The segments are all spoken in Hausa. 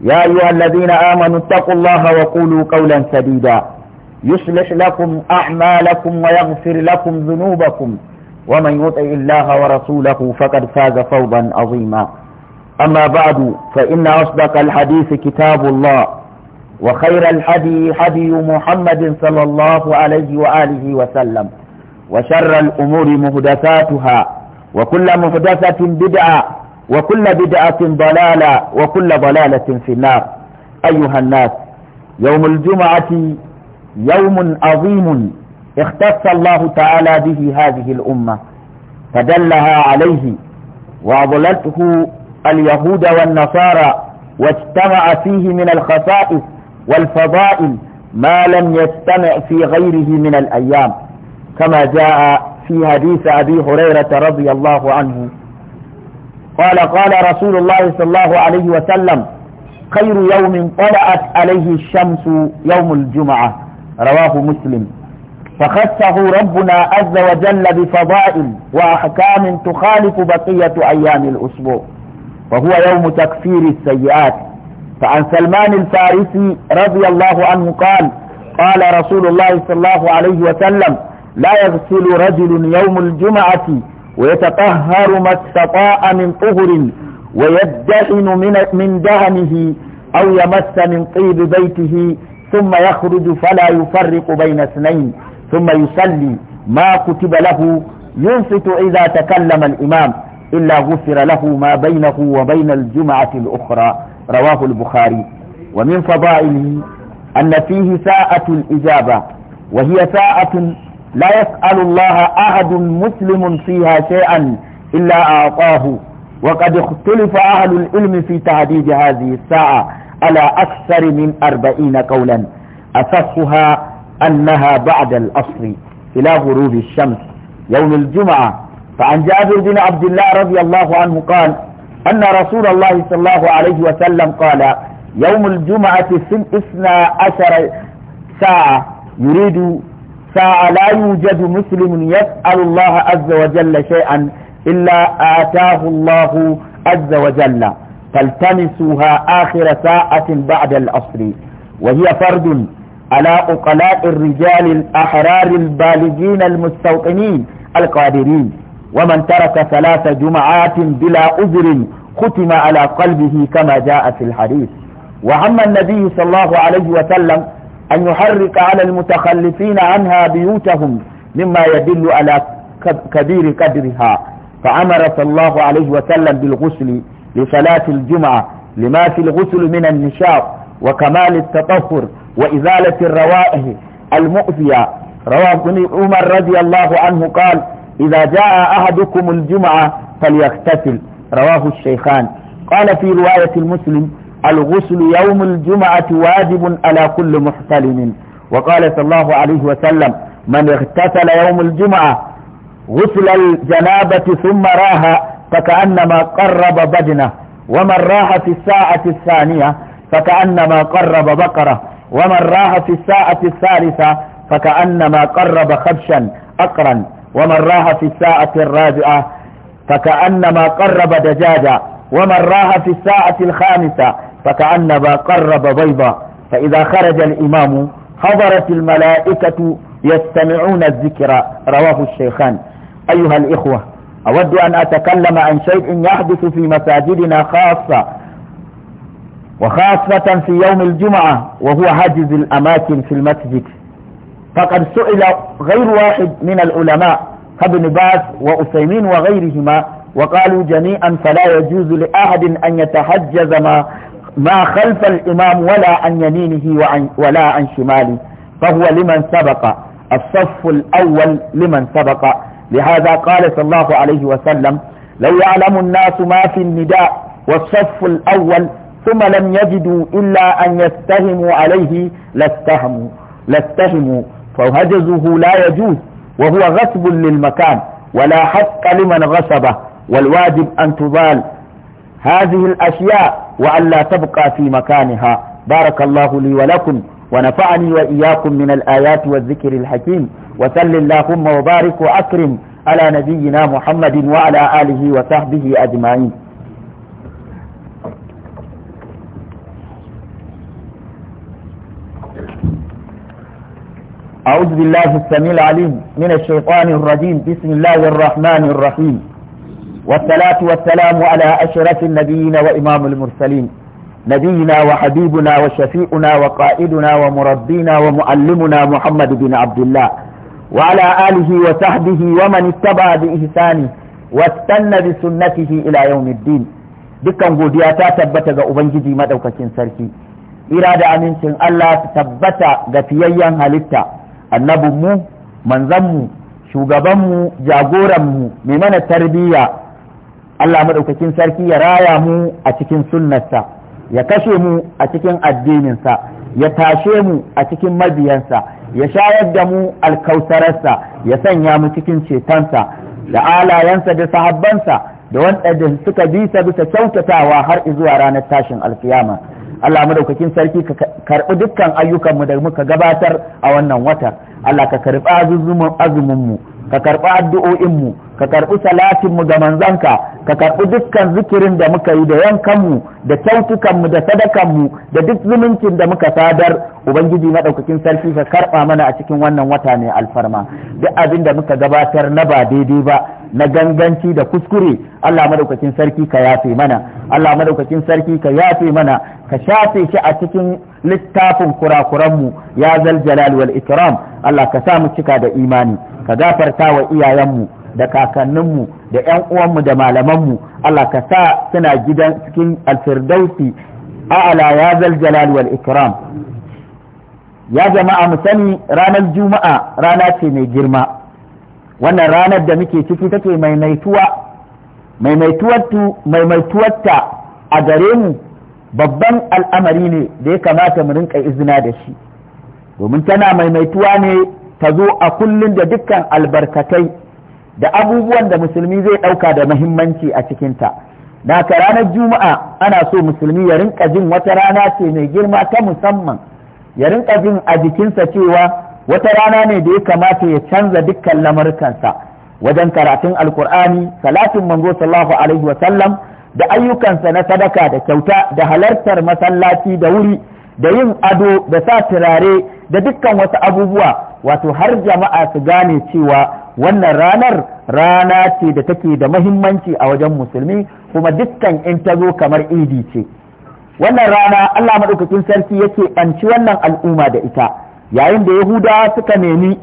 يا أيها الذين آمنوا اتقوا الله وقولوا قولا سديدا يصلح لكم أعمالكم ويغفر لكم ذنوبكم ومن يطع الله ورسوله فقد فاز فوضا عظيما أما بعد فإن أصدق الحديث كتاب الله وخير الحدي حدي محمد صلى الله عليه وآله وسلم وشر الأمور مهدثاتها وكل مهدثة بدعة وكل بدعة ضلالة وكل ضلالة في النار أيها الناس يوم الجمعة يوم عظيم اختص الله تعالى به هذه الأمة فدلها عليه وأضلته اليهود والنصارى واجتمع فيه من الخصائص والفضائل ما لم يجتمع في غيره من الأيام كما جاء في حديث أبي هريرة رضي الله عنه قال قال رسول الله صلى الله عليه وسلم خير يوم طلعت عليه الشمس يوم الجمعة رواه مسلم فخصه ربنا عز وجل بفضائل وأحكام تخالف بقية أيام الأسبوع وهو يوم تكفير السيئات فعن سلمان الفارسي رضي الله عنه قال قال رسول الله صلى الله عليه وسلم لا يغسل رجل يوم الجمعة ويتطهر ما استطاع من طهر ويدهن من, من دهنه أو يمس من طيب بيته ثم يخرج فلا يفرق بين اثنين ثم يصلي ما كتب له ينصت إذا تكلم الإمام إلا غفر له ما بينه وبين الجمعة الأخرى رواه البخاري ومن فضائله أن فيه ساعة الإجابة وهي ساعة لا يسأل الله أحد مسلم فيها شيئا إلا أعطاه وقد اختلف أهل العلم في تهديد هذه الساعة على أكثر من أربعين قولا أساسها أنها بعد الأصل إلى غروب الشمس يوم الجمعة فعن جابر بن عبد الله رضي الله عنه قال أن رسول الله صلى الله عليه وسلم قال يوم الجمعة في الاثنى عشر ساعة يريد ساعه لا يوجد مسلم يسأل الله عز وجل شيئا إلا آتاه الله عز وجل فالتمسوها آخر ساعة بعد العصر وهي فرد على أقلاء الرجال الأحرار البالغين المستوطنين القادرين ومن ترك ثلاث جمعات بلا أذر ختم على قلبه كما جاء في الحديث وعم النبي صلى الله عليه وسلم أن يحرك على المتخلفين عنها بيوتهم مما يدل على كبير قدرها فأمر صلى الله عليه وسلم بالغسل لصلاة الجمعة لما في الغسل من النشاط وكمال التطهر وإزالة الروائح المؤذية رواه ابن عمر رضي الله عنه قال إذا جاء أحدكم الجمعة فليغتسل رواه الشيخان قال في رواية المسلم الغسل يوم الجمعة واجب على كل محتلم وقال صلى الله عليه وسلم من اغتسل يوم الجمعة غسل الجنابة ثم راها فكأنما قرب بدنه ومن راها في الساعة الثانية فكأنما قرب بقرة ومن راها في الساعة الثالثة فكأنما قرب خبشا أقرا ومن راها في الساعة الرابعة فكأنما قرب دجاجا ومن راها في الساعة الخامسة فكأنما قرب بيضا فإذا خرج الإمام حضرت الملائكة يستمعون الذكر رواه الشيخان أيها الإخوة أود أن أتكلم عن شيء يحدث في مساجدنا خاصة وخاصة في يوم الجمعة وهو حجز الأماكن في المسجد فقد سئل غير واحد من العلماء كابن باز وأسيمين وغيرهما وقالوا جميعا فلا يجوز لأحد أن يتحجز ما ما خلف الإمام ولا عن يمينه وعن ولا عن شماله فهو لمن سبق الصف الأول لمن سبق لهذا قال صلى الله عليه وسلم لو يعلم الناس ما في النداء والصف الأول ثم لم يجدوا إلا أن يستهموا عليه لاستهموا لاستهموا فهجزه لا يجوز وهو غصب للمكان ولا حق لمن غصبه والواجب أن تضال هذه الأشياء وألا تبقى في مكانها بارك الله لي ولكم ونفعني وإياكم من الآيات والذكر الحكيم وسل اللهم وبارك وأكرم على نبينا محمد وعلى آله وصحبه أجمعين أعوذ بالله السميع العليم من الشيطان الرجيم بسم الله الرحمن الرحيم والصلاة والسلام على أشرف النبيين وإمام المرسلين نبينا وحبيبنا وشفيئنا وقائدنا ومربينا ومعلمنا محمد بن عبد الله وعلى آله وصحبه ومن اتبع بإحسانه واستنى بسنته إلى يوم الدين dukkan godiya ta tabbata ga Ubangiji madaukakin sarki ira da amincin Allah ta tabbata ga fiyayyen halitta annabinmu manzanmu shugabanmu jagoranmu mai mana tarbiyya Allah madaukakin sarki ya raya mu a cikin sunnarsa ya kashe mu a cikin addininsa ya tashe mu a cikin mabiyansa ya shayar da mu alkausararsa ya sanya mu cikin cetonsa da alayensa da sahabbansa da wanda suka bi bisa kyautatawa har zuwa ranar tashin alkiyama Allah madaukakin sarki ka karɓi dukkan mu da muka gabatar a wannan watan Allah ka karɓi azumin mu ka karɓi addu'o'inmu ka karɓi salatinmu ga manzanka ka karɓi dukkan zikirin da muka yi da yankanmu da kyautukanmu da sadakanmu da duk zumuncin da muka sadar ubangiji maɗaukakin sarki ka karɓa mana a cikin wannan wata mai alfarma duk abin da muka gabatar na ba daidai ba na ganganci da kuskure Allah maɗaukakin sarki ka yafe mana Allah maɗaukakin sarki ka yafe mana ka shafe shi a cikin littafin kurakuranmu ya zal jalal wal ikram Allah ka sa mu cika da imani ka gafarta wa iyayenmu da kakanninmu da ƴan uwanmu da malamanmu Allah ka sa suna gidan cikin alfirdausi a'ala ya zal jalal wal ikram ya jama'a mu sani ranar juma'a rana ce mai girma wannan ranar da muke ciki take maimaituwa maimaituwarta a gare mu babban al'amari ne da ya kamata mu rinka izina da shi domin tana maimaituwa ne ta zo a kullum da dukkan albarkatai da abubuwan da musulmi zai ɗauka da muhimmanci a cikinta naka ranar juma'a ana so musulmi ya rinka jin wata rana ce mai girma ta musamman ya rinka jin a jikinsa cewa wata rana ne da ya kamata ya canza dukkan lamurkansa wajen karatun alkur'ani salatin manzo sallallahu alaihi da ayyukansa na sadaka da kyauta da halartar masallaci da wuri da yin ado da sa turare da dukkan wasu abubuwa wato har jama'a su gane cewa wannan ranar rana ce da take da mahimmanci a wajen musulmi kuma dukkan in ta zo kamar idi ce wannan rana Allah maɗaukakin sarki yake ɓanci wannan al'umma da ita yayin da yahudawa suka nemi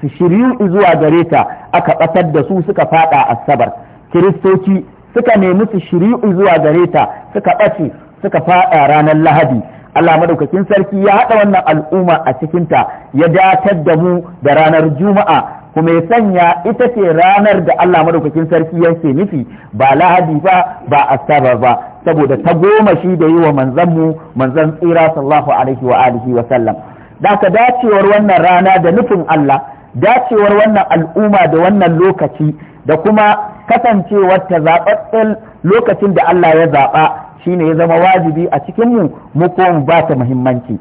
su shiryu zuwa gare ta aka ɓatar da su suka faɗa asabar kiristoci suka nemi su shiri'u zuwa gare ta suka ɓace suka faɗa ranar lahadi Allah madaukakin sarki ya haɗa wannan al'umma a cikinta ya datar da mu da ranar juma'a kuma ya sanya ita ce ranar da Allah madaukakin sarki yake nufi ba lahadi ba ba asaba ba saboda ta goma shi da yi wa manzan mu manzan tsira sallallahu alaihi wa alihi wa sallam da ka dacewar wannan rana da nufin Allah dacewar wannan al'umma da wannan lokaci da kuma kasancewar ta zaɓaɓɓen lokacin da Allah ya zaɓa shine ya zama wajibi a cikinmu mu ko mu ba ta muhimmanci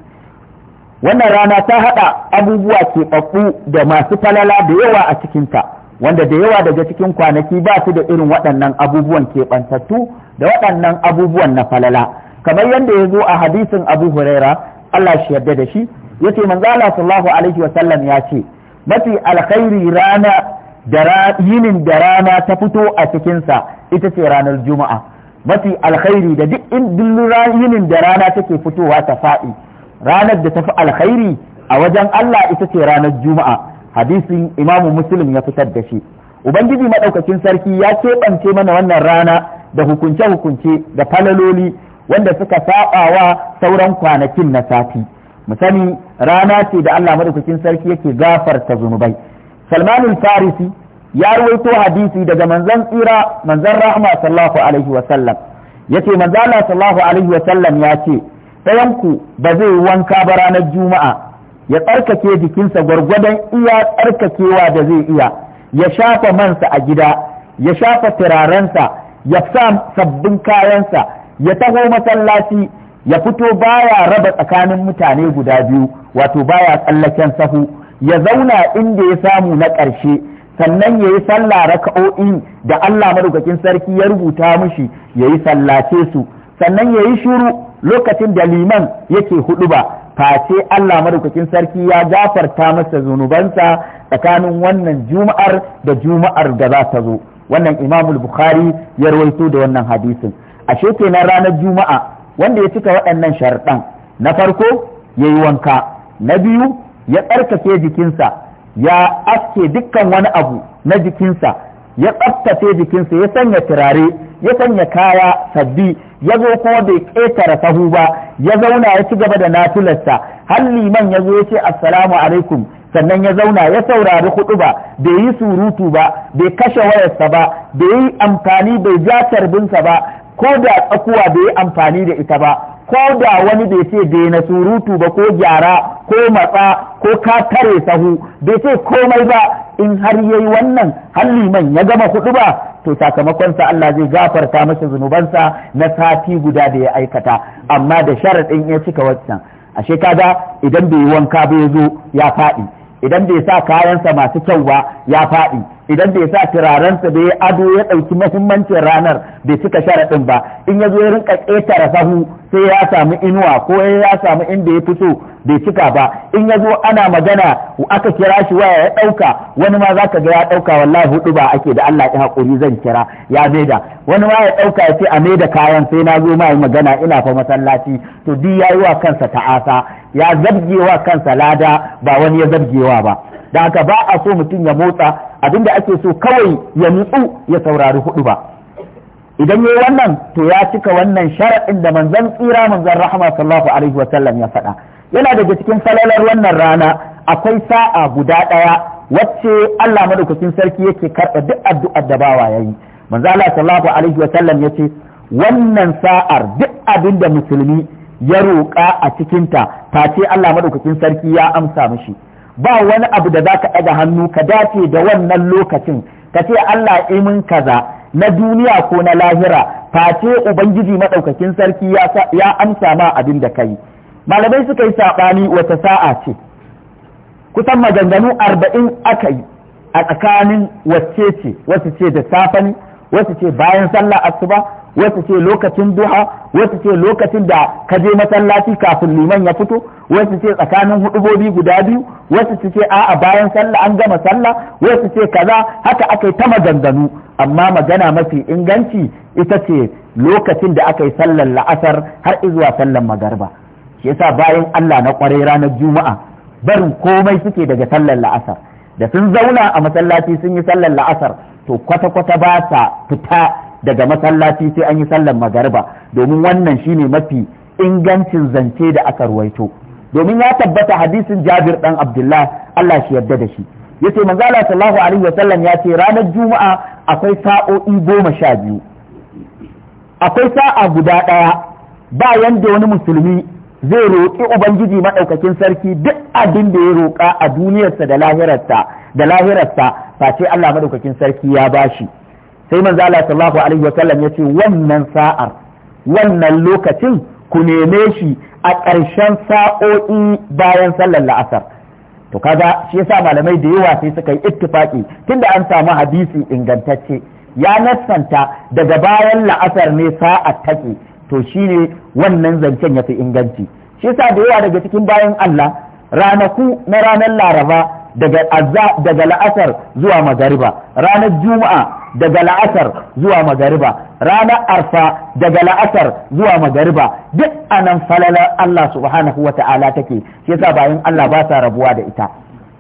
wannan rana ta haɗa abubuwa keɓaɓɓu da masu falala da yawa a cikinta wanda da yawa daga cikin kwanaki ba su da irin waɗannan abubuwan keɓantattu da waɗannan abubuwan na falala kamar yadda ya zo a hadisin abu huraira Allah shi yarda da shi yace manzo Allah sallallahu alaihi wa ya ce mafi alkhairi rana yinin da rana ta fito a cikinsa ita ce ranar juma'a mafi alkhairi da duk yinin da rana take fitowa ta faɗi ranar da tafi alkhairi a wajen Allah ita ce ranar juma'a hadisin imamu muslim ya fitar da shi ubangiji madaukakin sarki ya keɓance mana wannan rana da hukunce-hukunce da falaloli wanda suka saɓa wa sauran kwanakin na sati mu sani rana ce da Allah madaukakin sarki yake gafarta zunubai Salman farisi ya ruwaito hadisi daga manzon tsira manzon rahma sallallahu alaihi wa sallam yace manzo Allah sallallahu alaihi wa sallam ya ce ɗayan ku ba zai wanka ba ranar juma'a ya tsarkake jikinsa gwargwadon iya tsarkakewa da zai iya ya shafa mansa a gida ya shafa turarensa ya sa sabbin kayansa ya taho masallaci ya fito baya raba tsakanin mutane guda biyu wato baya tsallaken sahu ya zauna inda ya samu na ƙarshe sannan ya yi sallah raka'o'in da Allah madaukakin sarki ya rubuta mushi ya yi sallace su sannan ya yi shiru lokacin da liman yake hudu ba face Allah madaukakin sarki ya gafarta masa zunubansa tsakanin wannan juma'ar da juma'ar da za ta zo wannan imamul bukhari ya rawaito da wannan hadisin ashe kenan ranar juma'a wanda ya cika waɗannan sharɗan na farko ya yi wanka na biyu ya tsarkake jikinsa ya aske dukkan wani abu na jikinsa ya tsaftace jikinsa ya sanya turare ya sanya kaya sabbi ya zo kuma bai ƙetare sahu ba ya zauna ya ci gaba da nafilarsa har liman ya zo ya ce assalamu alaikum sannan ya zauna ya saurari hudu ba bai yi surutu ba bai kashe wayarsa ba bai yi amfani bai ja tarbinsa ba ko da tsakuwa bai amfani da ita ba ko da wani bai ce na surutu ba ko gyara ko matsa ko ka tare sahu bai ce komai ba in har yayi wannan halliman man ya gama kuɗi ba to sakamakonsa Allah zai gafarta masa zunubansa na sati guda da ya aikata amma da sharaɗin ya cika waccan ashe kaga idan bai wanka ba ya zo ya faɗi idan bai sa kayansa masu kyau ba ya faɗi idan bai sa turarensa da ya ado ya ɗauki mahimmancin ranar bai cika sharaɗin ba in ya zo ya rinka ƙetare sahu sai ya samu inuwa ko ya samu inda ya fito bai cika ba in ya zo ana magana aka kira shi waya ya ɗauka wani ma za ka ga ya ɗauka wallahi hudu ba ake da Allah ya haƙuri zan kira ya maida wani ma ya ɗauka ya ce a maida kayan sai na zo ma yi magana ina fa masallaci to duk ya yi wa kansa ta'asa ya zabgewa kansa lada ba wani ya zabgewa ba da haka ba a so mutum ya motsa abinda da ake so kawai ya nutsu ya saurari hudu ba idan yayi wannan to ya cika wannan sharaɗin da manzon tsira manzon rahama sallallahu alaihi wa sallam ya faɗa yana daga cikin falalar wannan rana akwai sa'a guda ɗaya wacce Allah madaukakin sarki yake karɓa duk addu'ar da bawa yayi manzo Allah sallallahu alaihi wa sallam yace wannan sa'ar duk abin da musulmi ya roƙa a cikinta ce Allah madaukakin sarki ya amsa mishi ba wani abu da za ka ɗaga hannu ka dace da wannan lokacin ka ce Allah imin kaza na duniya ko na lahira face ubangiji madaukakin sarki ya amsa ma abin da kai malamai suka yi saɓani wata sa'a ce kusan maganganu arba'in aka yi a tsakanin wacce ce wasu ce da safani. wasu ce bayan sallah asuba wasu ce lokacin duha wasu ce lokacin da ka je masallaci kafin liman ya fito wasu ce tsakanin hudubobi guda biyu wasu ce a'a bayan sallah an gama sallah wasu ce kaza haka aka yi ta maganganu amma magana mafi inganci ita ce lokacin da aka yi sallar la'asar har izuwa sallar magarba shi yasa bayan Allah na kwarai ranar juma'a barin komai suke daga sallar la'asar da sun zauna a masallaci sun yi sallar la'asar to kwata-kwata ba sa fita daga masallaci sai an yi sallar magariba domin wannan shine mafi ingancin zance da aka ruwaito domin ya tabbata hadisin Jabir dan Abdullah Allah shi yarda da shi yace manzo Allah sallallahu alaihi wasallam ya ce ranar juma'a akwai sa'o'i goma sha biyu akwai sa'a guda ɗaya ba yanda wani musulmi zai roƙi ubangiji maɗaukakin sarki duk abin da ya roƙa a duniyarsa da lahirarsa da lahirarsa face Allah madaukakin sarki ya bashi sai manzo Allah sallallahu alaihi wasallam ya ce wannan sa'ar wannan lokacin ku neme shi a ƙarshen sa'o'i bayan sallar la'asar to kaga shi yasa malamai da yawa sai suka yi ittifaki tunda an samu hadisi ingantacce ya nassanta daga bayan la'asar ne sa'a take to shine wannan zancen ya fi inganci shi yasa da yawa daga cikin bayan Allah ranaku na ranar Laraba daga azza daga la'asar zuwa magariba ranar juma'a daga la'asar zuwa magariba ranar arfa daga la'asar zuwa magariba duk anan falalar Allah subhanahu ta'ala take shi yasa bayan Allah ba sa rabuwa da ita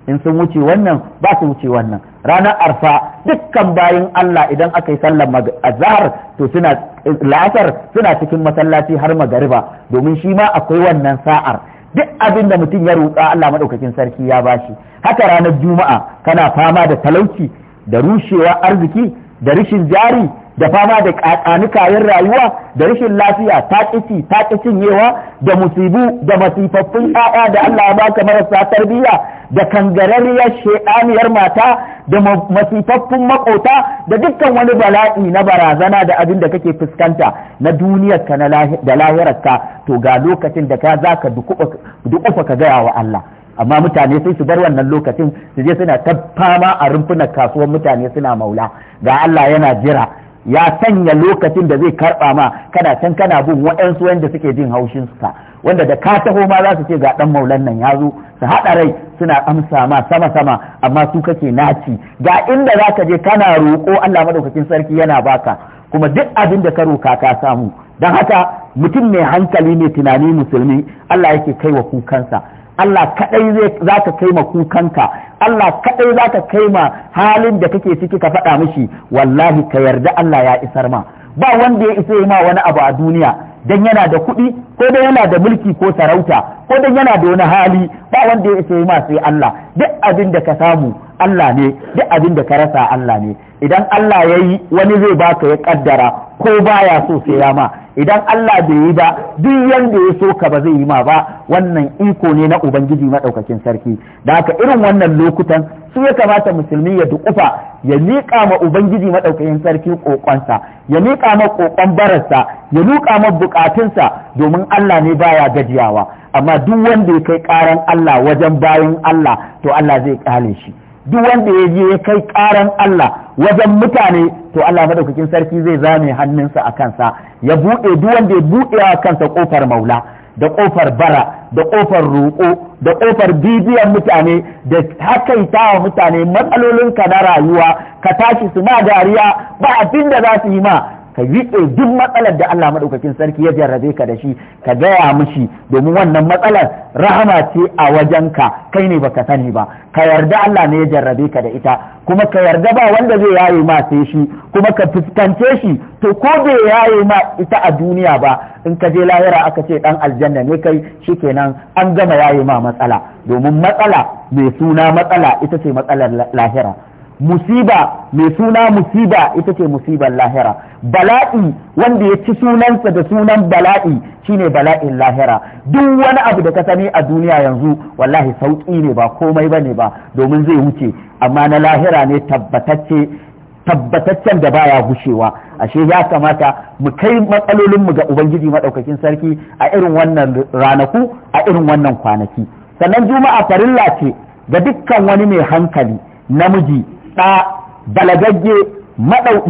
in sun wuce wannan ba su wuce wannan ranar arfa dukkan bayan Allah idan aka yi sallar azhar to suna la'asar suna cikin masallaci har magariba domin shi ma akwai wannan sa'ar duk abin da mutum ya roƙa Allah maɗaukakin sarki ya bashi haka ranar juma'a kana fama da talauci da rushewa arziki da rashin jari da fama da kayan rayuwa da rashin lafiya ta kici ta cinyewa da musibu da masifaffun ƴaƴa da Allah ya baka marasa tarbiyya da kangarariyar shedaniyar mata da masifaffun maƙota da dukkan wani bala'i na barazana da abin da kake fuskanta na duniyarka da lahirarka to ga lokacin da ka za ka dukufa ka gaya wa Allah amma mutane sai su bar wannan lokacin su je suna ta fama a rumfunan kasuwar mutane suna maula ga Allah yana jira ya sanya lokacin da zai karɓa ma kana can kana bin waɗansu wanda suke jin haushin ka wanda da ka taho ma za su ce ga ɗan maulan nan ya zo su haɗa rai suna amsa ma sama sama amma su kake naci ga inda za ka je kana roƙo Allah madaukakin sarki yana baka kuma duk abin da ka roka ka samu don haka mutum mai hankali mai tunani musulmi Allah yake kai wa kukansa Allah kadai za ka kai ma kukanka Allah kaɗai za ka kai ma halin da kake ciki ka faɗa mishi wallahi ka yarda Allah ya isar ma ba wanda ya isa ma wani abu a duniya dan yana da kuɗi ko dan yana da mulki ko sarauta ko dan yana da wani hali ba wanda ya isa ma sai Allah duk abin da ka samu Allah ne duk abin da ka rasa Allah ne idan Allah ya yi wani zai baka ya kaddara ko baya so sai ya ma idan Allah bai yi ba duk yanda ya so ka ba zai yi ma ba wannan iko ne na ubangiji madaukakin sarki da haka irin wannan lokutan su ya kamata musulmi ya dukufa ya miƙa ma ubangiji madaukakin sarki kokonsa ya miƙa ma kokon bararsa ya luƙa ma bukatunsa domin Allah ne baya gajiyawa amma duk wanda ya kai karan Allah wajen bayan Allah to Allah zai kale shi duk wanda ya je ya kai karan Allah wajen mutane to Allah madaukakin sarki zai zame hannunsa a kansa ya buɗe duk wanda ya buɗe a kansa kofar maula da kofar bara da kofar roƙo da kofar bibiyar mutane da hakaita wa mutane matsalolinka na rayuwa ka tashi su ma dariya ba abin da za su yi ma ka riƙe duk matsalar da Allah maɗaukakin sarki ya jarrabe ka da shi ka gaya mishi domin wannan matsalar rahama ce a wajenka kai ne baka sani ba ka yarda Allah ne ya jarrabe ka da ita kuma ka yarda ba wanda zai yaye ma sai shi kuma ka fuskance shi to ko bai yaye ma ita a duniya ba in ka je lahira aka ce dan aljanna ne kai shikenan an gama yaye ma matsala domin matsala mai suna matsala ita ce matsalar lahira musiba mai suna musiba ita ce musibar lahira bala'i wanda ya ci sunansa da sunan bala'i shine bala'in lahira duk wani abu da ka sani a duniya yanzu wallahi sauƙi ne ba komai ne ba domin zai wuce amma na lahira ne tabbatacce tabbataccen da baya gushewa ashe ya kamata mu kai matsalolinmu ga ubangiji maɗaukakin sarki a irin wannan ranaku a irin wannan kwanaki sannan juma'a farilla ce ga dukkan wani mai hankali namiji ɗa balagagge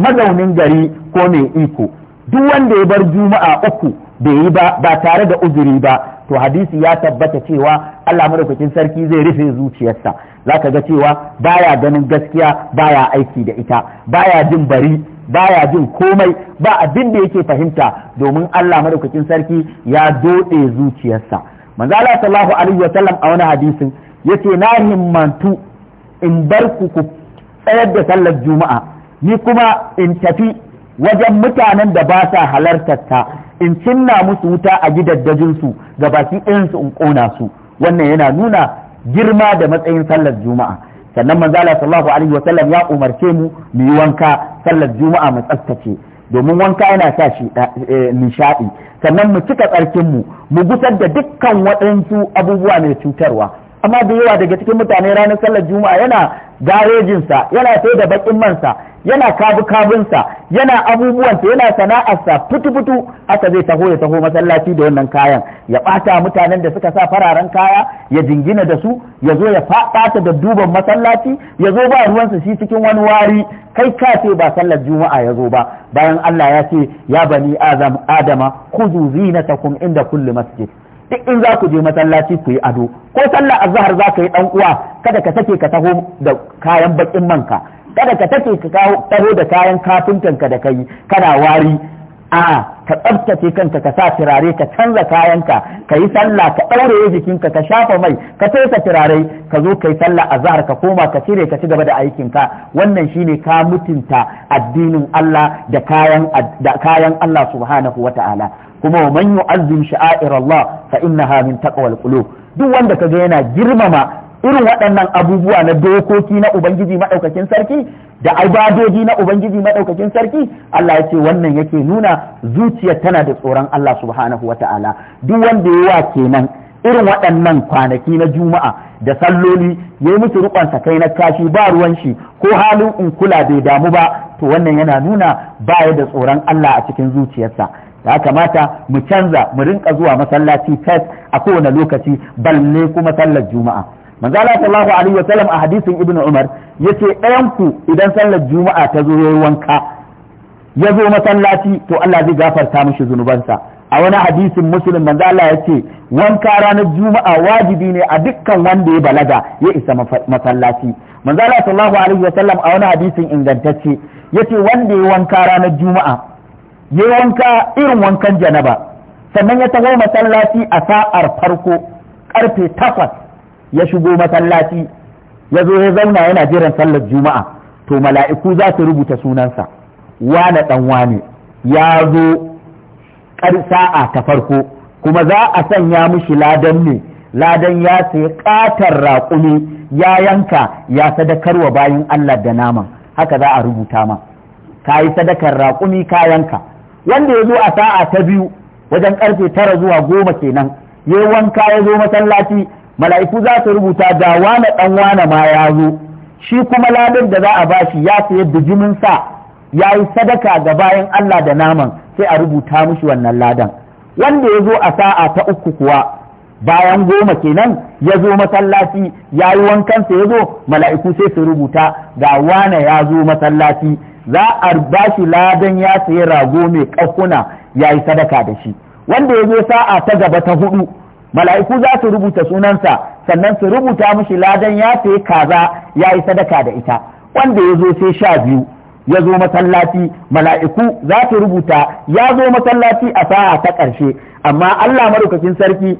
mazaunin gari ko mai iko duk wanda ya bar juma'a uku bai yi ba ba tare da uzuri ba to hadisi ya tabbata cewa Allah madaukakin sarki zai rufe zuciyarsa zaka ga cewa baya ganin gaskiya baya aiki da ita baya jin bari baya jin komai ba abin da yake fahimta domin Allah madaukakin sarki ya dode zuciyarsa manzo Allah sallallahu alaihi wasallam a wani hadisin yace na himmantu in bar ku ku tsayar da sallar juma'a ni kuma in tafi wajen mutanen da ba sa halartar ta in cinna musu wuta a gidaddajinsu ga baki ɗayansu in ƙona su wannan yana nuna girma da matsayin sallar juma'a sannan manzo Allah sallallahu alaihi wasallam ya umarce mu mu yi wanka sallar juma'a mu tsaftace domin wanka yana sa shi eh, eh, nishaɗi sannan mu cika tsarkin mu mu gusar da dukkan waɗansu abubuwa mai cutarwa amma da yawa daga cikin mutane ranar sallar juma'a yana garejinsa yana sai da bakin mansa yana kabu kabunsa yana abubuwansa yana sana'arsa putu-putu aka zai taho ya taho masallaci da wannan kayan ya bata mutanen da suka sa fararen kaya ya jingina da su ya zo ya bata da duban masallaci ya zo ba ruwansa shi cikin wani wari kai ka ba sallar juma'a ya zo ba bayan Allah ya ce ya bani adam adama khudu zinatakum inda kulli masjid duk in za ku je masallaci ku yi ado ko sallar azhar za ka yi dan uwa kada ka take ka taho da kayan bakin manka kada ka take ka taho da kayan kafintanka da kai kana wari a ka tsabtace kanka ka sa turare ka canza kayanka ka yi sallah ka ɗaure jikinka ka shafa mai ka fesa turare ka zo ka yi sallah a zahar ka koma ka cire ka ci gaba da aikinka wannan shine ka mutunta addinin Allah da kayan da kayan Allah subhanahu wata'ala kuma man yu'azzim sha'air Allah fa innaha min taqwal qulub duk wanda kaga yana girmama irin waɗannan abubuwa na dokoki na ubangiji maɗaukakin sarki da ibadoji na ubangiji maɗaukakin sarki Allah ya ce wannan yake nuna zuciyar tana da tsoron Allah subhanahu wa ta'ala duk wanda ya wa kenan irin waɗannan kwanaki na juma'a da salloli ya yi musu rukonsa kai na kashi ba ruwan shi ko halin in kula bai damu ba to wannan yana nuna baya da tsoron Allah a cikin zuciyarsa ya kamata mu canza mu rinka zuwa masallaci fes a kowane lokaci balle kuma sallar juma'a manzo sallallahu alaihi a hadisin ibnu umar yace ɗayan ku idan sallar juma'a ta zo yayin wanka ya zo masallaci to Allah zai gafarta mishi zunubansa a wani hadisin muslim manzo Allah yace wanka ranar juma'a wajibi ne a dukkan wanda ya balaga ya isa masallaci manzo sallallahu alaihi a wani hadisin ingantacce yace wanda ya wanka ranar juma'a ya wanka irin wankan janaba sannan ya taho masallaci a sa'ar farko karfe takwas ya shigo masallaci ya zo ya zauna yana jiran sallar juma'a to mala'iku za su rubuta sunansa wane dan wane ya zo sa'a ta farko kuma za a sanya mushi ladan ne ladan ya sai katar raƙumi ya yanka ya sadakarwa bayan Allah da naman haka za a rubuta ma ka yi sadakar raƙumi ka yanka wanda ya zo a sa'a ta biyu wajen karfe tara zuwa goma kenan ya wanka ya zo masallaci mala'iku za su rubuta ga wane dan wane ma ya zo shi kuma ladin da za a ba shi ya sayi bijimin sa ya yi sadaka ga bayan Allah da naman sai a rubuta mishi wannan ladan wanda ya zo a sa'a ta uku kuwa bayan goma kenan ya zo masallaci ya yi sa ya zo mala'iku sai su rubuta ga wane ya zo masallaci za a ba shi ladan ya sayi rago mai ƙafuna ya yi sadaka da shi wanda ya zo sa'a ta gaba ta hudu mala'iku za su rubuta sunansa sannan su rubuta mishi ladan ya sayi kaza ya yi sadaka da ita wanda ya zo sai sha biyu ya zo masallaci mala'iku za su rubuta ya zo masallaci a sa'a ta ƙarshe amma Allah madaukakin sarki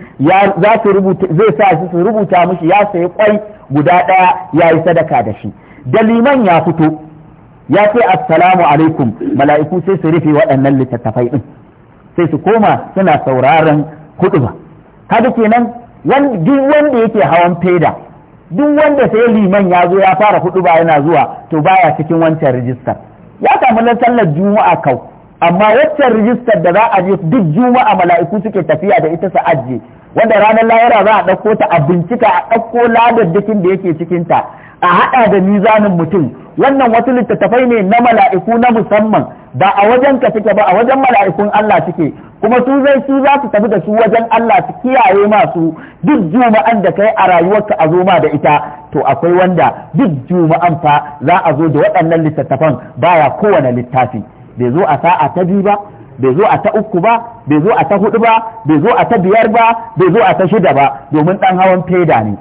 za su rubuta zai sa shi su rubuta mishi ya sayi kwai guda ɗaya ya yi sadaka da shi da liman ya fito ya ce assalamu alaikum mala'iku sai su rufe waɗannan littattafai ɗin sai su koma suna sauraron kuɗuba. ba kaga kenan duk wanda yake hawan feda duk wanda sai liman ya zo ya fara hudu ba yana zuwa to baya cikin wancan rijistar ya samu na sallar juma'a kau amma waccan rijistar da za a je duk juma'a mala'iku suke tafiya da ita su ajiye wanda ranar lahira za a ɗauko ta a bincika a ɗauko ladar dukin da yake cikin ta a haɗa da mizanin mutum wannan wasu littattafai ne na mala'iku na musamman ba a wajen ka suke ba a wajen mala'ikun Allah suke kuma su zai su za su tafi da su wajen Allah su kiyaye masu duk juma'an da kai a rayuwarka a zo ma da ita to akwai wanda duk juma'an fa za a zo da waɗannan littattafan baya kowane littafi bai zo a sa'a ta biyu ba bai zo a ta uku ba bai zo a ta hudu ba bai zo a ta biyar ba bai zo a ta shida ba domin ɗan hawan feda ne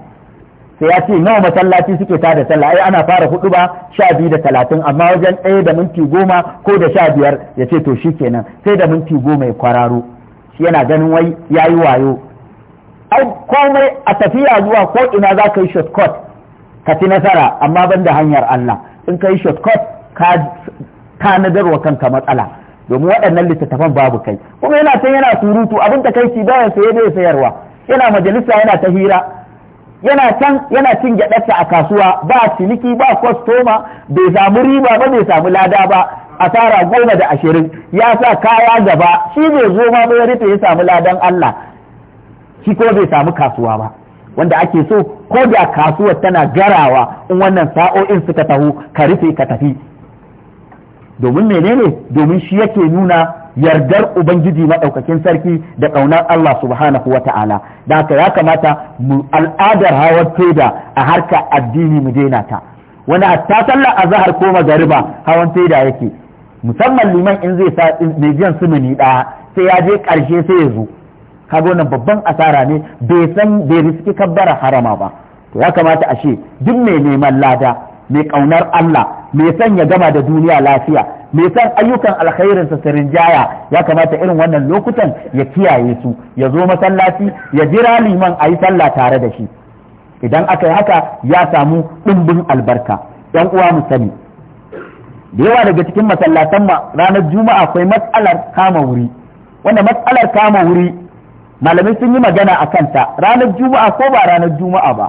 sai ya ce nawa masallaci suke ta da sallah ai ana fara hudu ba sha biyu da talatin amma wajen ɗaya da minti goma ko da sha biyar ya ce to shi kenan sai da minti goma ya kwararo shi yana ganin wai ya yi wayo ai komai a tafiya zuwa ko ina za ka yi shortcut ka ci nasara amma ban da hanyar Allah in ka yi shortcut ka tanadarwa kanka matsala domin waɗannan littattafan babu kai kuma yana can yana surutu abin takaici bayan saye bai sayarwa yana majalisa yana ta hira yana can yana cin gyaɗarsa a kasuwa ba ciniki ba kwastoma bai samu riba ba bai samu lada ba asara goma da ashirin ya sa kaya gaba shi bai zo ma bai rufe ya samu ladan Allah shi ko bai samu kasuwa ba wanda ake so ko da kasuwar tana garawa in wannan sa'o'in suka taho ka rufe ka tafi domin menene domin shi yake nuna yardar ubangiji maɗaukakin sarki da ƙaunar Allah subhanahu wa ta'ala da haka ya kamata mu al'adar hawar teda a harka addini mu daina ta wani hatta sallar azahar ko magariba hawan teda yake musamman liman in zai sa mai jiyan sumuni ɗaya sai ya je ƙarshe sai ya zo kaga wannan babban asara ne bai san bai riski kabbara harama ba to ya kamata ashe duk mai neman lada mai ƙaunar Allah mai san ya gama da duniya lafiya mai san ayyukan alkhairinsa su rinjaya ya kamata irin wannan lokutan ya kiyaye su ya zo masallaci ya jira liman a yi sallah tare da shi idan aka yi haka ya samu ɗimbin albarka Ɗan uwa mu sani da yawa daga cikin masallatan ranar juma'a akwai matsalar kama wuri wanda matsalar kama wuri malamai sun yi magana a kanta ranar juma'a ko ba ranar juma'a ba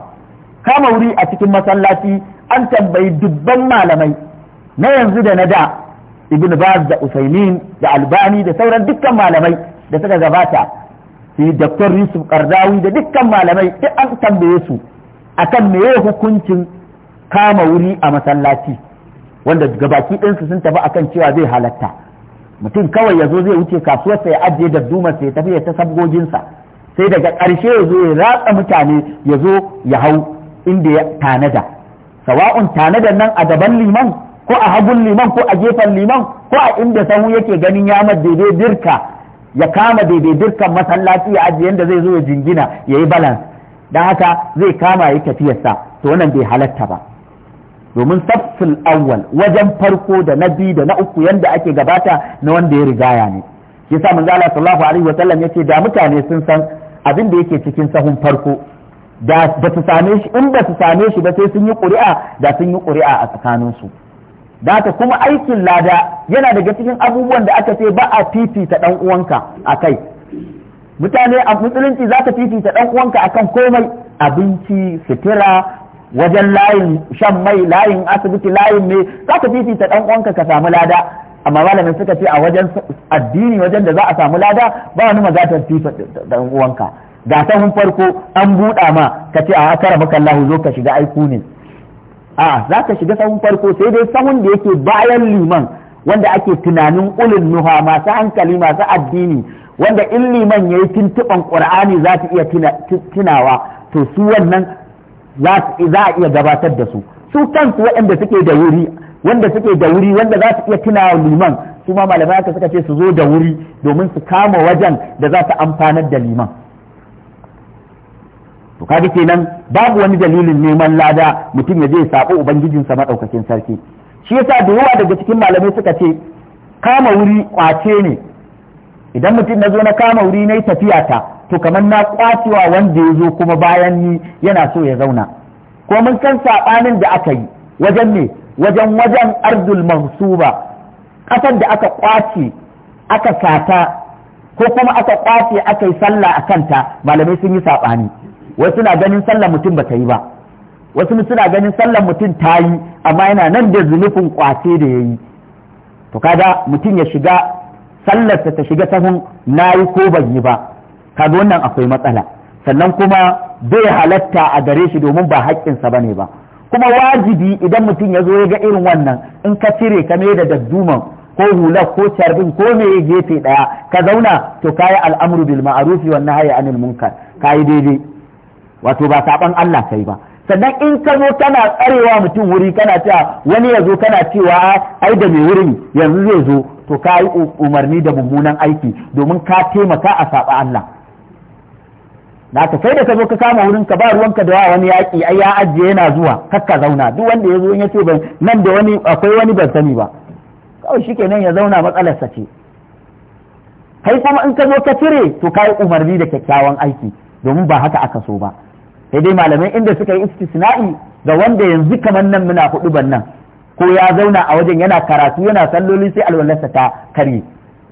kama wuri a cikin masallaci an tambayi dubban malamai na yanzu da na da ibn baz da usaimin da albani da sauran dukkan malamai da suka gabata sai dr yusuf kardawi da dukkan malamai duk an tambaye su akan meye hukuncin kama wuri a masallaci wanda gabaki ɗinsu sun tafi akan cewa zai halatta mutum kawai ya zo zai wuce kasuwarsa ya ajiye da duma ya tafi ya ta sabgoginsa sai daga ƙarshe ya zo ya ratsa mutane ya zo ya hau inda ya tanada sawa'un da nan a gaban liman ko a hagun liman ko a gefen liman ko a inda sahu yake ganin ya daidai dirka ya kama daidai dirkan masallaci ya ajiye yanda zai zo ya jingina ya yi balans. don haka zai kama ya tafiyarsa to wannan bai halatta ba domin safsul awwal wajen farko da na biyu da na uku yanda ake gabata na wanda ya rigaya ne yasa manzo Allah sallallahu alaihi wa sallam yace da mutane sun san abin da yake cikin sahun farko da ba su same shi in ba su same shi ba sai sun yi ƙuri'a da sun yi ƙuri'a a tsakaninsu da ta kuma aikin lada yana daga cikin abubuwan da aka ce ba a fifita ɗan uwanka a kai mutane a musulunci za ka fifita ɗan uwanka a kan komai abinci fitira wajen layin shan mai layin asibiti layin mai za ka fifita ɗan uwanka ka samu lada amma malamin suka ce a wajen addini wajen da za a samu lada ba wani magatar fifita ɗan uwanka ga sahun farko an buɗa ma ka ce a kara maka Allah zo ka shiga aiku ne a za ka shiga sahun farko sai dai sahun da yake bayan liman wanda ake tunanin ulin nuha masu hankali masu addini wanda in liman ya yi tuntuɓan ƙur'ani za ta iya tunawa to su wannan za a iya gabatar da su su kansu waɗanda suke da wuri wanda suke da wuri wanda za su iya tunawa liman su ma malamai suka ce su zo da wuri domin su kama wajen da za su amfanar da liman to kaga kenan babu wani dalilin neman lada mutum ya je ya sabo ubangijinsa madaukakin sarki shi yasa da yawa daga cikin malamai suka ce kama wuri kwace ne idan mutum na zo na kama wuri na yi tafiya ta to kamar na kwacewa wanda ya zo kuma bayan ni yana so ya zauna ko mun san saɓanin da aka yi wajen ne wajen wajen ardul mansuba ƙasar da aka kwace aka sata ko kuma aka kwace aka yi sallah a kanta malamai sun yi saɓani wasu na ganin sallar mutum bata yi ba wasu suna ganin sallar mutum ta yi amma yana nan da zunufin kwace da ya yi to kada mutum ya shiga sallarsa ta shiga sahun na yi ko ban yi ba kaga wannan akwai matsala sannan kuma bai halatta a gare shi domin ba haƙƙinsa ba ne ba kuma wajibi idan mutum ya zo ya ga irin wannan in ka cire ka mai da dadduman ko hular ko carbin ko me ya gefe ɗaya ka zauna to kayi al'amru bil ma'arufi wannan nahyi anil munkar kayi daidai wato ba saban Allah kai ba sannan in ka zo kana tsarewa mutum wuri kana cewa wani ya zo kana cewa ai da mai wurin yanzu zai zo to ka yi umarni da mummunan aiki domin ka taimaka a saba Allah na ka kai da ka zo ka kama wurin ka ba ruwanka da wani yaƙi ai ya ajiye yana zuwa kakka zauna duk wanda ya zo in ya ce ban nan da wani akwai wani ban sani ba kawai shikenan ya zauna matsalarsa ce kai kuma in ka zo ka cire to ka yi umarni da kyakkyawan aiki domin ba haka aka so ba sai dai malamai inda suka yi istisna'i ga wanda yanzu kamar nan muna hudu ban nan ko ya zauna a wajen yana karatu yana salloli sai alwalarsa ta karye,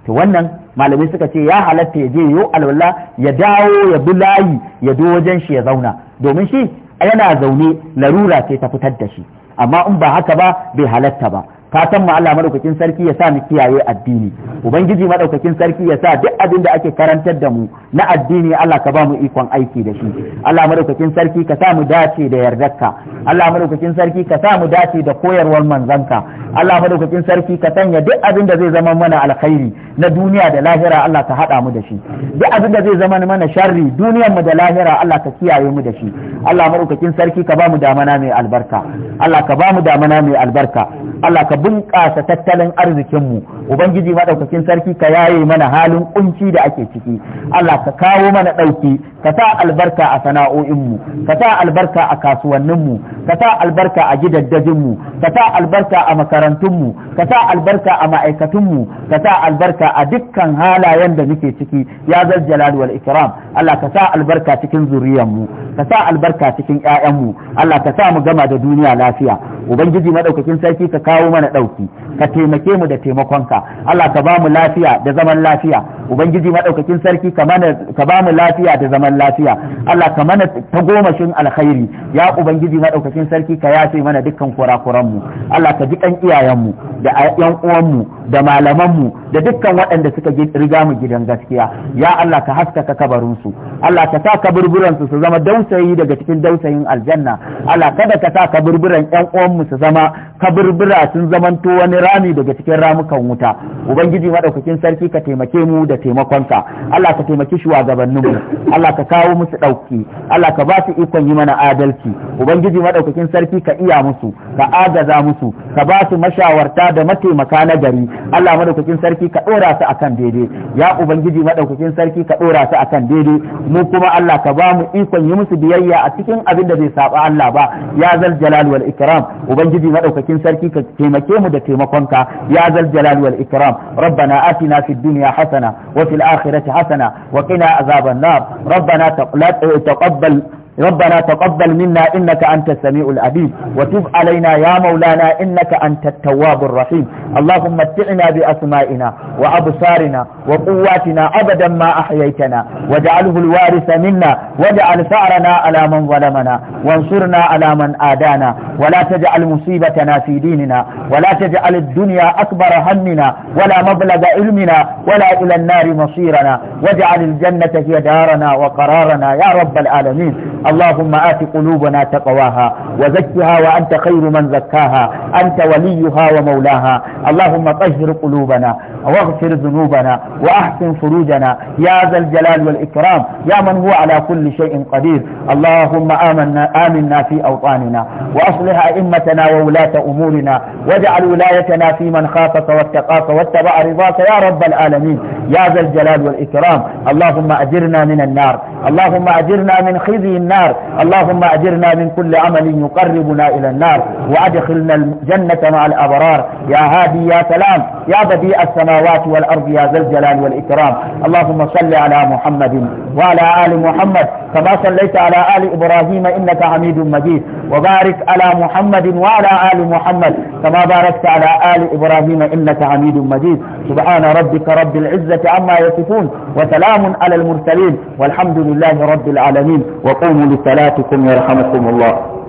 to wannan malamai suka ce ya halatta ya je yo alwala ya dawo ya bi layi ya do wajen shi ya zauna domin shi yana zaune larura ce ta fitar da shi amma in ba haka ba bai halatta ba fatan mu Allah madaukakin sarki ya sa mu kiyaye addini ubangiji madaukakin sarki ya sa duk abin da ake karantar da mu na addini Allah ka ba mu ikon aiki da shi Allah madaukakin sarki ka sa mu dace da yardarka Allah madaukakin sarki ka sa mu dace da koyarwar manzanka Allah madaukakin sarki ka sanya duk abin da zai zama mana alkhairi na duniya da lahira Allah ka hada mu da shi duk abin da zai zama mana sharri duniyar mu da lahira Allah ka kiyaye mu da shi Allah madaukakin sarki ka ba mu damana mai albarka Allah ka ba mu damana mai albarka Allah ka bunƙasa tattalin arzikinmu ubangiji maɗaukakin sarki ka yaye mana halin kunci da ake ciki Allah ka kawo mana ɗauki ka sa albarka a sana'o'inmu ka sa albarka a kasuwanninmu ka sa albarka a gidaddajinmu ka sa albarka a makarantunmu ka sa albarka a ma'aikatunmu ka sa albarka a dukkan halayen da muke ciki ya zal jalal wal ikram Allah ka sa albarka cikin zuriyarmu ka sa albarka cikin 'ya'yanmu Allah ka sa mu gama da duniya lafiya ubangiji madaukakin sarki ka kawo mana ɗauki ka taimake mu da taimakonka Allah ka ba mu lafiya da zaman lafiya ubangiji madaukakin sarki ka ba mu lafiya da zaman lafiya Allah ka mana tagomashin alkhairi ya ubangiji madaukakin sarki ka yafe mana dukkan kurakuran mu Allah ka ji kan iyayen mu da yan uwan mu da malaman mu da dukkan waɗanda suka riga mu gidan gaskiya ya Allah ka haskaka kabarin su Allah ka sa kaburburan su su zama dausayi daga cikin dausayin aljanna Allah kada ka sa kaburburan yan uwan mu su zama kaburbura sun zama zamanto wani rami daga cikin ramukan wuta ubangiji madaukakin sarki ka taimake mu da taimakonka Allah ka taimaki shugabannin mu Allah ka kawo musu dauki Allah ka ba su ikon yi mana adalci ubangiji madaukakin sarki ka iya musu ka agaza musu ka ba su mashawarta da mataimaka na gari Allah madaukakin sarki ka dora su akan daidai ya ubangiji madaukakin sarki ka dora su akan daidai mu kuma Allah ka ba mu ikon yi musu biyayya a cikin abin da bai saba Allah ba ya zal jalal wal ikram ubangiji madaukakin sarki ka taimaki taimake mu da taimakonka ya zal jalal wal ikram rabbana atina fid dunya hasana wa fil akhirati hasana wa qina azaban nar rabbana taqabbal ربنا تقبل منا إنك أنت السميع العليم وتب علينا يا مولانا إنك أنت التواب الرحيم اللهم متعنا بأسمائنا وأبصارنا وقواتنا أبدا ما أحييتنا واجعله الوارث منا واجعل ثأرنا على من ظلمنا وانصرنا على من آدانا ولا تجعل مصيبتنا في ديننا ولا تجعل الدنيا أكبر همنا ولا مبلغ علمنا ولا إلى النار مصيرنا واجعل الجنة هي دارنا وقرارنا يا رب العالمين اللهم آت قلوبنا تقواها وزكها وأنت خير من زكاها أنت وليها ومولاها اللهم طهر قلوبنا واغفر ذنوبنا وأحسن فروجنا يا ذا الجلال والإكرام يا من هو على كل شيء قدير اللهم آمنا, آمنا في أوطاننا وأصلح أئمتنا وولاة أمورنا واجعل ولايتنا في من خافك واتقاك واتبع رضاك يا رب العالمين يا ذا الجلال والإكرام اللهم أجرنا من النار اللهم أجرنا من خزي النار النار اللهم أجرنا من كل عمل يقربنا إلى النار وأدخلنا الجنة مع الأبرار يا هادي يا سلام يا بديع السماوات والأرض يا ذا الجلال والإكرام اللهم صل على محمد وعلى آل محمد كما صليت على آل إبراهيم إنك حميد مجيد وبارك على محمد وعلى آل محمد كما باركت على آل إبراهيم إنك حميد مجيد سبحان ربك رب العزة عما يصفون وسلام على المرسلين والحمد لله رب العالمين وقوموا لصلاتكم يرحمكم الله